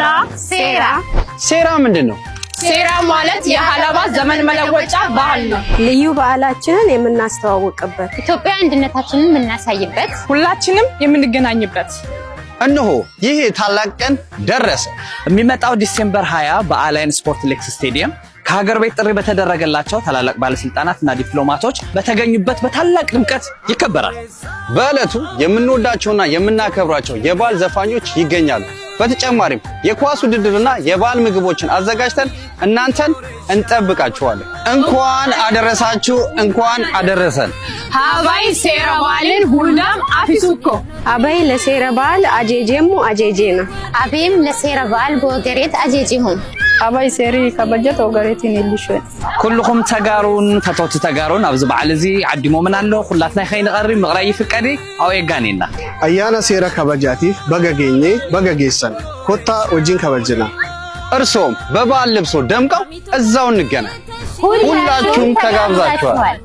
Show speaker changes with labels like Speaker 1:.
Speaker 1: ሴራ ሴራ
Speaker 2: ሴራ ምንድን ነው?
Speaker 1: ሴራ ማለት የሀላባ ዘመን መለወጫ በዓል ነው።
Speaker 3: ልዩ በዓላችንን የምናስተዋውቅበት፣
Speaker 4: ኢትዮጵያ አንድነታችንን የምናሳይበት፣
Speaker 5: ሁላችንም የምንገናኝበት።
Speaker 2: እነሆ ይህ ታላቅ ቀን ደረሰ።
Speaker 6: የሚመጣው ዲሴምበር 20 በአላይን ስፖርት ሌክስ ስቴዲየም ከሀገር ቤት ጥሪ በተደረገላቸው ታላላቅ ባለስልጣናት እና ዲፕሎማቶች በተገኙበት በታላቅ ድምቀት ይከበራል።
Speaker 2: በዕለቱ የምንወዳቸውና የምናከብራቸው የበዓል ዘፋኞች ይገኛሉ። በተጨማሪም የኳስ ውድድርና የባህል ምግቦችን አዘጋጅተን እናንተን እንጠብቃችኋለን። እንኳን አደረሳችሁ፣ እንኳን አደረሰን።
Speaker 1: ሀባይ ሴራ ባልን ሁላም አፊሱኮ
Speaker 3: አበይ ለሴረ ባል አጄጄሙ አጄጄና
Speaker 4: አቤም ለሴረ ባል ጎገሬት አጄጂሙ
Speaker 5: አባይ ሴሪ ከበጀት ወገሬትን የልሽ
Speaker 6: ኩልኩም ተጋሩን ተተውቲ ተጋሩን ኣብዚ በዓል እዚ ዓዲሞምን ኣሎ ኩላትና ከይንቀሪ ምቕራይ ይፍቀዲ ኣው የጋኒና
Speaker 2: ኣያና ሴራ ከበጃቲፍ በገጌኘ በገጌሰን ኮታ ወጂን ከበጅና እርሶም በበዓል ልብሶ ደምቀው እዛው እንገና ሁላችሁም ተጋብዛችኋል።